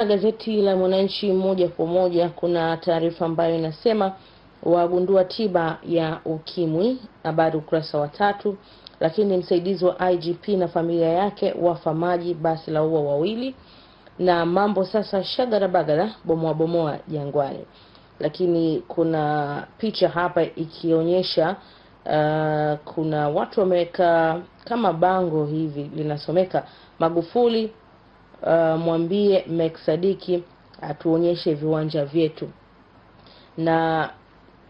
Na gazeti la Mwananchi moja kwa moja, kuna taarifa ambayo inasema wagundua tiba ya ukimwi, habari ukurasa wa tatu. Lakini msaidizi wa IGP na familia yake wafa maji, basi la ua wawili. Na mambo sasa shagarabagara, bomoabomoa Jangwani. Lakini kuna picha hapa ikionyesha uh, kuna watu wameweka kama bango hivi linasomeka Magufuli uh, mwambie Mek Sadiki atuonyeshe viwanja vyetu. Na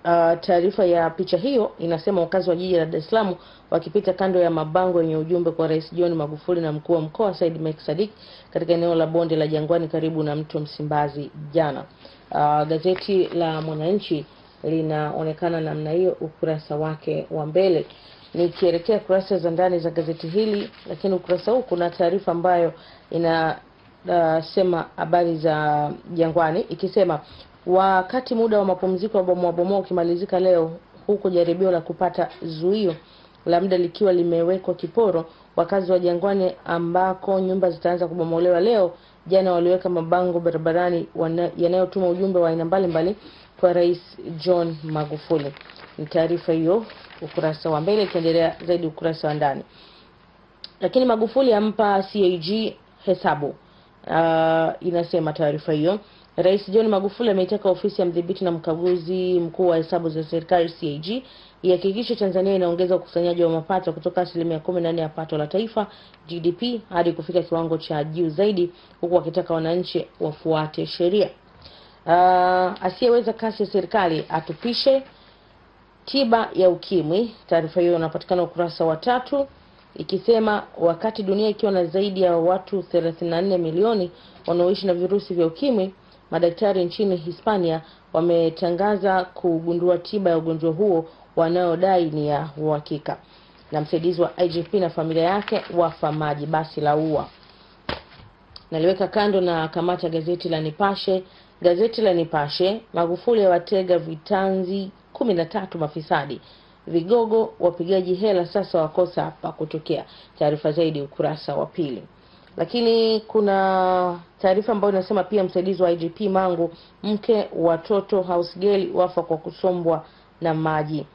uh, taarifa ya picha hiyo inasema wakazi wa jiji la Dar es Salaam wakipita kando ya mabango yenye ujumbe kwa Rais John Magufuli na mkuu wa mkoa Said Mek Sadiki katika eneo la bonde la Jangwani karibu na mto Msimbazi jana. Uh, gazeti la Mwananchi linaonekana namna hiyo ukurasa wake wa mbele. Nikielekea kurasa za ndani za gazeti hili, lakini ukurasa huu kuna taarifa ambayo inasema uh, habari za Jangwani ikisema wakati muda wa mapumziko wa bomoabomoa ukimalizika leo, huku jaribio la kupata zuio la muda likiwa limewekwa kiporo, wakazi wa Jangwani ambako nyumba zitaanza kubomolewa leo jana waliweka mabango barabarani yanayotuma ujumbe wa aina mbalimbali kwa Rais John Magufuli. Ni taarifa hiyo ukurasa wa mbele, ikiendelea zaidi ukurasa wa ndani. Lakini Magufuli ampa CAG hesabu uh, inasema taarifa hiyo. Rais John Magufuli ameitaka ofisi ya mdhibiti na mkaguzi mkuu wa hesabu za serikali CAG ihakikishe Tanzania inaongeza ukusanyaji wa mapato kutoka asilimia kumi na nne ya pato la taifa GDP hadi kufika kiwango cha juu zaidi, huku wakitaka wananchi wafuate sheria. Uh, asiyeweza kasi ya serikali atupishe tiba ya ukimwi. Taarifa hiyo inapatikana ukurasa wa tatu ikisema wakati dunia ikiwa na zaidi ya watu 34 milioni wanaoishi na virusi vya ukimwi, madaktari nchini Hispania wametangaza kugundua tiba ya ugonjwa huo wanaodai ni ya uhakika. Na msaidizi wa IGP na familia yake wafa maji basi la ua naliweka kando na kamata gazeti la Nipashe. Gazeti la Nipashe, Magufuli watega vitanzi kumi na tatu mafisadi, vigogo wapigaji hela sasa wakosa pa kutokea. Taarifa zaidi ukurasa wa pili. Lakini kuna taarifa ambayo inasema pia msaidizi wa IGP Mangu, mke watoto house girl wafa kwa kusombwa na maji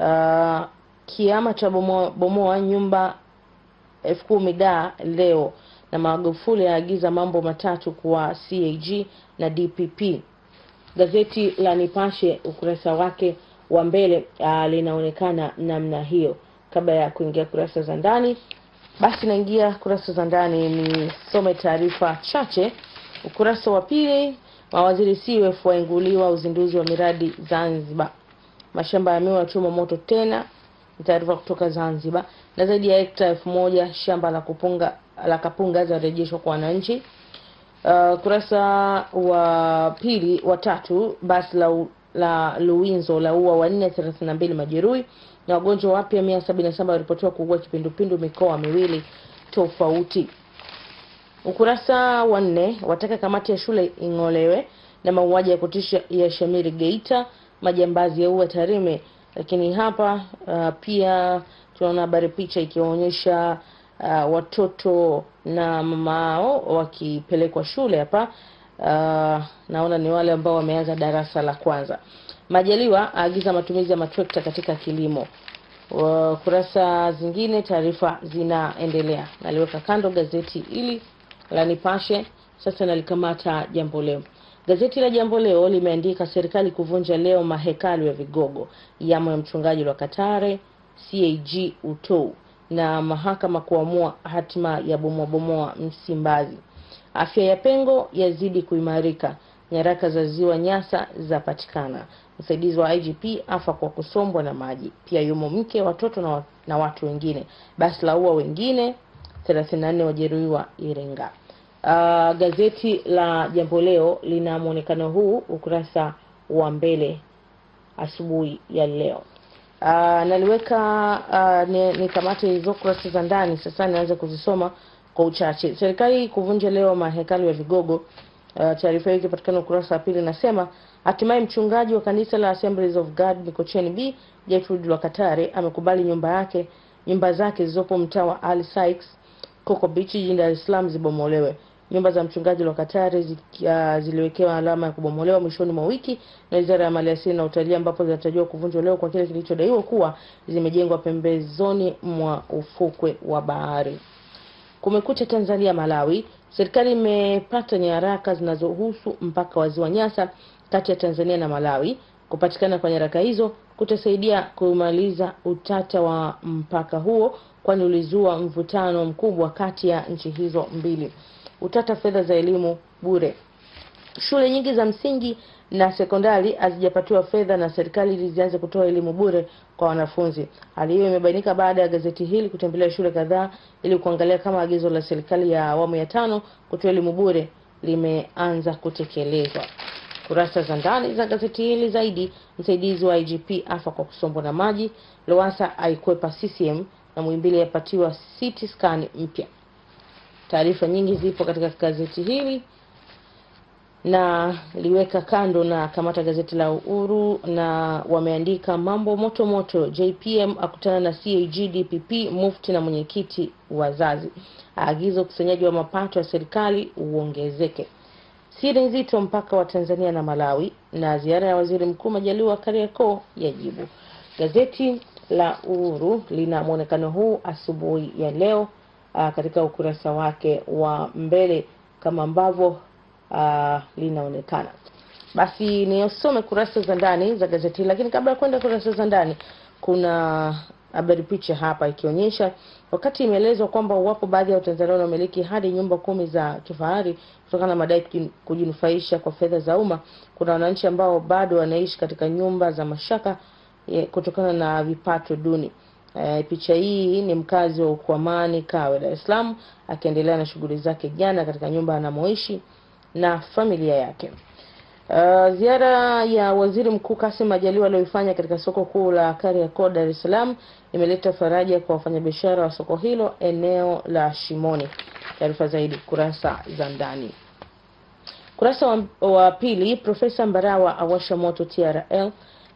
uh, kiama cha bomoa, nyumba elfu kumi da leo, na Magufuli yaagiza mambo matatu kwa CAG na DPP. Gazeti la Nipashe ukurasa wake wa mbele uh, linaonekana namna hiyo. Kabla ya kuingia kurasa za ndani, basi naingia kurasa za ndani nisome taarifa chache. Ukurasa wa pili, mawaziri CUF wainguliwa uzinduzi wa miradi Zanzibar mashamba ya miwa yachoma moto tena, taarifa kutoka Zanzibar. Na zaidi ya hekta elfu moja shamba la kupunga la kapunga zarejeshwa kwa wananchi. Uh, kurasa wa pili wa tatu, basi la, la Luinzo la ua wanne 432 mbili majeruhi na wagonjwa wapya mia sabini saba waripotiwa kuugua kipindupindu mikoa miwili tofauti. Ukurasa wa nne wataka kamati ya shule ing'olewe na mauaji ya kutisha ya Shamiri Geita majambazi uwa Tarime, lakini hapa uh, pia tunaona habari picha ikiwaonyesha uh, watoto na mamao wakipelekwa shule hapa. Uh, naona ni wale ambao wameanza darasa la kwanza. Majaliwa aagiza matumizi ya matrekta katika kilimo. Uh, kurasa zingine taarifa zinaendelea. Naliweka kando gazeti hili la Nipashe, sasa nalikamata Jambo Leo. Gazeti la Jambo Leo limeandika serikali kuvunja leo mahekalu ya vigogo, yamo ya mchungaji wa Katare, CAG Utou na mahakama kuamua hatima ya bomoabomoa Msimbazi. Afya ya pengo yazidi kuimarika, nyaraka za ziwa Nyasa zapatikana. Msaidizi wa IGP afa kwa kusombwa na maji, pia yumo mke, watoto na, na watu wengine. Basi laua wengine 34 wajeruhiwa Iringa. Uh, gazeti la Jambo Leo lina mwonekano huu ukurasa wa mbele asubuhi ya leo. Uh, ah, naliweka uh, ah, ni, ni kamati hizo kurasa za ndani sasa, nianze kuzisoma kwa uchache. Serikali kuvunja leo mahekalu ya vigogo. Uh, taarifa hiyo ikipatikana ukurasa wa pili inasema hatimaye mchungaji wa kanisa la Assemblies of God Mikocheni B Gertrude Lwakatare amekubali nyumba yake nyumba zake zilizopo mtaa wa Ali Sykes Coco Beach jijini Dar es Salaam zibomolewe. Nyumba za mchungaji katari ah, ziliwekewa alama ya kubomolewa mwishoni mwa wiki na Wizara ya Maliasili na Utalii, ambapo zinatarajiwa kuvunjwa leo kwa kile kilichodaiwa kuwa zimejengwa pembezoni mwa ufukwe wa bahari. Kumekucha Tanzania Malawi. Serikali imepata nyaraka zinazohusu mpaka wa Ziwa Nyasa kati ya Tanzania na Malawi. Kupatikana kwa nyaraka hizo kutasaidia kumaliza utata wa mpaka huo, kwani ulizua mvutano mkubwa kati ya nchi hizo mbili utata fedha za elimu bure. Shule nyingi za msingi na sekondari hazijapatiwa fedha na serikali ili zianze kutoa elimu bure kwa wanafunzi. Hali hiyo imebainika baada ya gazeti hili kutembelea shule kadhaa ili kuangalia kama agizo la serikali ya awamu ya tano kutoa elimu bure limeanza kutekelezwa. Kurasa za ndani za gazeti hili zaidi. Msaidizi wa IGP afa kwa kusombwa na maji. Lowassa aikwepa CCM na Muhimbili apatiwa CT scan mpya. Taarifa nyingi zipo katika gazeti hili na liweka kando na kamata gazeti la Uhuru na wameandika mambo moto moto, JPM akutana na CAG, DPP, mufti na mwenyekiti wazazi aagiza ukusanyaji wa mapato ya serikali uongezeke. Siri nzito mpaka wa Tanzania na Malawi, na ziara ya waziri mkuu Majaliwa Kariakoo yajibu. Gazeti la Uhuru lina mwonekano huu asubuhi ya leo uh, katika ukurasa wake wa mbele kama ambavyo uh, linaonekana. Basi niosome kurasa za ndani za gazeti, lakini kabla ya kwenda kurasa za ndani, kuna habari picha hapa ikionyesha wakati imeelezwa kwamba wapo baadhi ya Watanzania wanaomiliki hadi nyumba kumi za kifahari kutokana na madai kujinufaisha kwa fedha za umma. Kuna wananchi ambao bado wanaishi katika nyumba za mashaka eh, kutokana na vipato duni. E, picha hii ni mkazi wa Ukwamani Kawe, Dar es Salaam, akiendelea na shughuli zake jana katika nyumba anamoishi na familia yake. Uh, ziara ya Waziri Mkuu Kassim Majaliwa aliyoifanya katika soko kuu la Kariakoo Dar es Salaam imeleta faraja kwa wafanyabiashara wa soko hilo eneo la Shimoni. Taarifa zaidi kurasa za ndani. Kurasa wa, wa pili. Profesa Mbarawa awasha moto TRL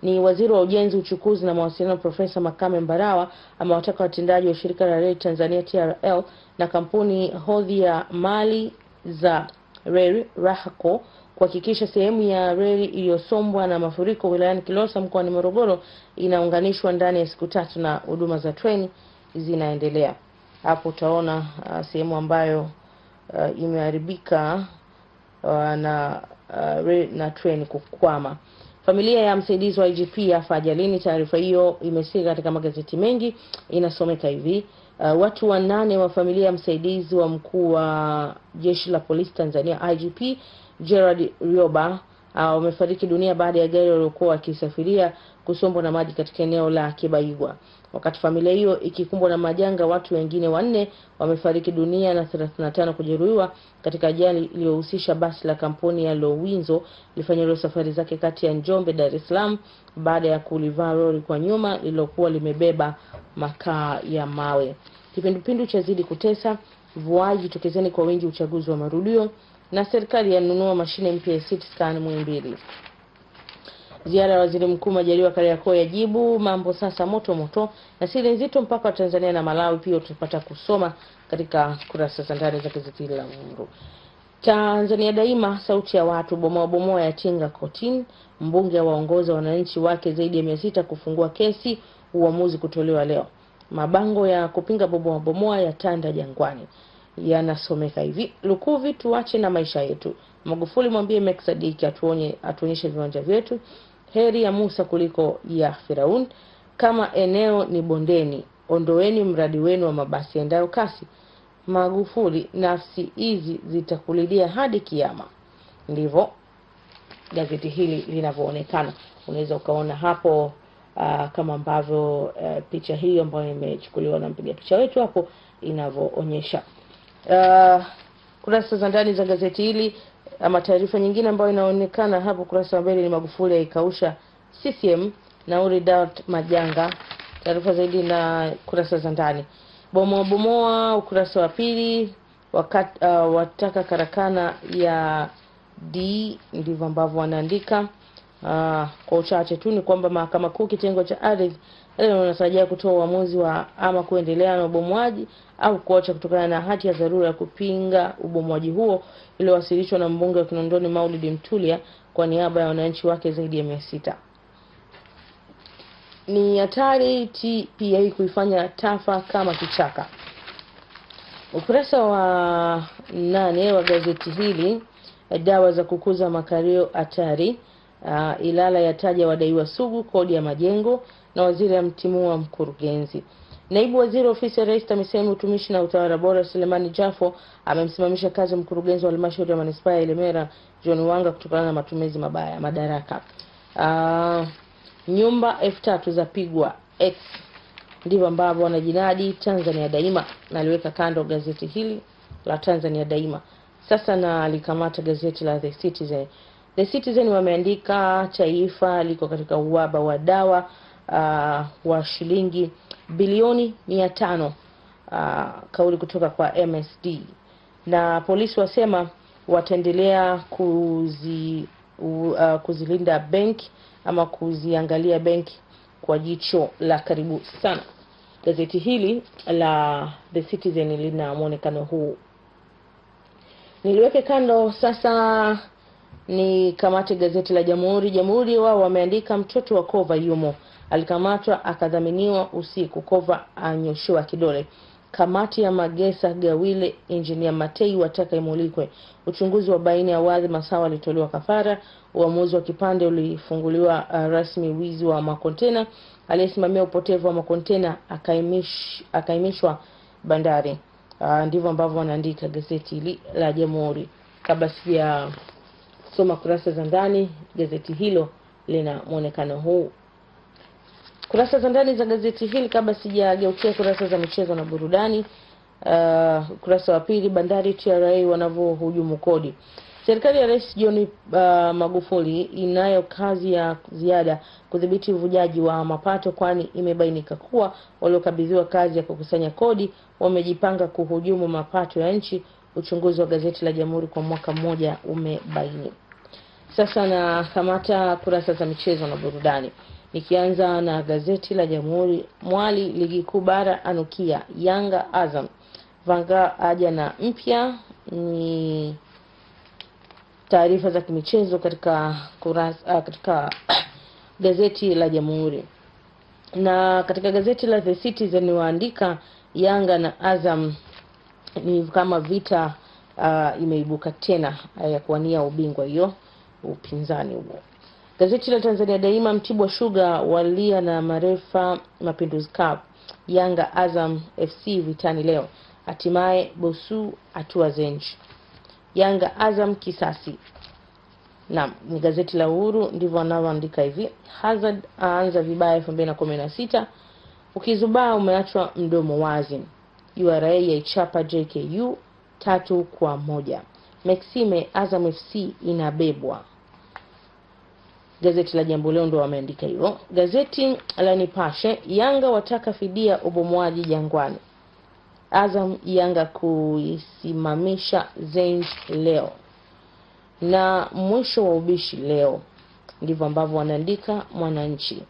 ni waziri wa ujenzi, uchukuzi na mawasiliano Profesa Makame Mbarawa amewataka watendaji wa shirika la reli Tanzania TRL na kampuni hodhi ya mali za reli RAHCO kuhakikisha sehemu ya reli iliyosombwa na mafuriko wilayani Kilosa mkoani Morogoro inaunganishwa ndani ya siku tatu na huduma za treni zinaendelea. Hapo utaona uh, sehemu ambayo uh, imeharibika uh, na, uh, na treni kukwama. Familia ya msaidizi wa IGP yafa ajalini. Taarifa hiyo imesika katika magazeti mengi, inasomeka hivi uh, watu wanane wa familia ya msaidizi wa mkuu wa jeshi la polisi Tanzania IGP gerard Rioba Ah, wamefariki dunia baada ya gari waliokuwa wakisafiria kusombwa na maji katika eneo la Kibaigwa. Wakati familia hiyo ikikumbwa na majanga, watu wengine wanne wamefariki dunia na 35 kujeruhiwa katika ajali iliyohusisha basi la kampuni ya Lowinzo lifanyalo safari zake kati ya Njombe, Dar es Salaam baada ya kulivaa lori kwa nyuma lililokuwa limebeba makaa ya mawe. Kipindupindu chazidi kutesa, vuaji, jitokezeni kwa wingi uchaguzi wa marudio na serikali yanunua mashine mpya ya CT scan mwimbili Ziara ya Waziri Mkuu Majaliwa Kariakoo yajibu mambo sasa moto moto na siri nzito mpaka wa Tanzania na Malawi pia utapata kusoma katika kurasa za ndani za gazeti la Uhuru. Tanzania Daima, sauti ya watu, bomoabomoa bomoa ya tinga kotini. Mbunge waongoza wananchi wake zaidi ya mia sita kufungua kesi, uamuzi kutolewa leo. Mabango ya kupinga bomoabomoa bomoa ya tanda Jangwani yanasomeka hivi: Lukuvi tuache na maisha yetu. Magufuli mwambie Meksadiki atuonye atuonyeshe viwanja vyetu. Heri ya Musa kuliko ya Firaun. Kama eneo ni bondeni, ondoeni mradi wenu wa mabasi endayo kasi. Magufuli, nafsi hizi zitakulilia hadi kiama. Ndivyo gazeti hili linavyoonekana. Unaweza ukaona hapo uh, kama ambavyo uh, picha hiyo ambayo imechukuliwa na mpiga picha wetu hapo inavyoonyesha uh, kurasa za ndani za gazeti hili ama taarifa nyingine ambayo inaonekana hapo ukurasa wa mbele ni Magufuli yaikausha CCM nauri Daud Majanga. Taarifa zaidi na kurasa za ndani. bomoabomoa bomoa ukurasa wa pili wakati uh, wataka karakana ya D ndivyo ambavyo wanaandika. Uh, kwa uchache tu ni kwamba Mahakama Kuu kitengo cha ardhi leo inatarajia kutoa uamuzi wa ama kuendelea na ubomwaji au kuacha kutokana na hati ya dharura ya kupinga ubomwaji huo iliyowasilishwa na mbunge wa Kinondoni Maulid Mtulia kwa niaba ya wananchi wake zaidi ya mia sita. Ni hatari TPA kuifanya Tafa kama kichaka. Ukurasa wa nane wa gazeti hili, dawa za kukuza makario hatari Uh, Ilala yataja wadaiwa sugu kodi ya majengo na waziri amtimua mkurugenzi. Naibu waziri ofisi ya Rais TAMISEMI utumishi na utawala bora Selemani Jafo amemsimamisha kazi mkurugenzi wa halmashauri ya manispaa ya Ilemela John Wanga kutokana na matumizi mabaya madaraka. Uh, nyumba elfu tatu za pigwa X ndivyo ambavyo wanajinadi Tanzania Daima, naliweka kando gazeti hili la Tanzania Daima, sasa nalikamata gazeti la The Citizen. The Citizen wameandika taifa liko katika uhaba wa dawa uh, wa shilingi bilioni mia tano uh, kauli kutoka kwa MSD na polisi wasema wataendelea kuzi, uh, kuzilinda benki ama kuziangalia benki kwa jicho la karibu sana. Gazeti hili la The Citizen lina mwonekano huu. Niliweke kando sasa ni kamati gazeti la Jamhuri. Jamhuri wao wameandika mtoto wa Kova yumo, alikamatwa akadhaminiwa usiku, Kova anyoshiwa kidole. Kamati ya Magesa Gawile, Injinia Matei wataka imulikwe. Uchunguzi wa baini ya wadhi Masawa alitolewa kafara. Uamuzi wa kipande ulifunguliwa uh, rasmi wizi wa makontena. Aliyesimamia upotevu wa makontena akaimish, akaimishwa bandari. Uh, ndivyo ambavyo wanaandika gazeti la Jamhuri. Kabla sija Soma kurasa za ndani, gazeti hilo lina mwonekano huu. Kurasa za ndani za gazeti hili, kabla sijageukia kurasa za michezo na burudani. Uh, ukurasa wa pili, bandari TRA wanavyohujumu kodi. Serikali ya Rais John uh, Magufuli inayo kazi ya ziada kudhibiti uvujaji wa mapato, kwani imebainika kuwa waliokabidhiwa kazi ya kukusanya kodi wamejipanga kuhujumu mapato ya nchi. Uchunguzi wa gazeti la Jamhuri kwa mwaka mmoja umebaini sasa na kamata kurasa za michezo na burudani, nikianza na gazeti la Jamhuri. Mwali ligi kuu bara anukia Yanga Azam, Vanga aja na mpya. Ni taarifa za kimichezo katika kurasa, ah, katika gazeti la Jamhuri na katika gazeti la The Citizen waandika Yanga na Azam ni kama vita uh, imeibuka tena ah, ya kuwania ubingwa hiyo upinzani huo. Gazeti la Tanzania Daima, Mtibwa Sugar walia na marefa Mapinduzi Cup, Yanga Azam FC vitani leo, hatimaye Bosu atua Zenji, Yanga Azam kisasi. Naam, ni gazeti la Uhuru ndivyo wanavyoandika hivi. Hazard aanza vibaya 2016 ukizubaa umeachwa mdomo wazi. URA yaichapa JKU tatu kwa moja. Maxime Azam FC inabebwa. Gazeti la Jambo Leo ndo wameandika hivyo. Gazeti la Nipashe, Yanga wataka fidia ubomoaji Jangwani. Azam Yanga kuisimamisha Zains leo na mwisho wa ubishi leo. Ndivyo ambavyo wanaandika Mwananchi.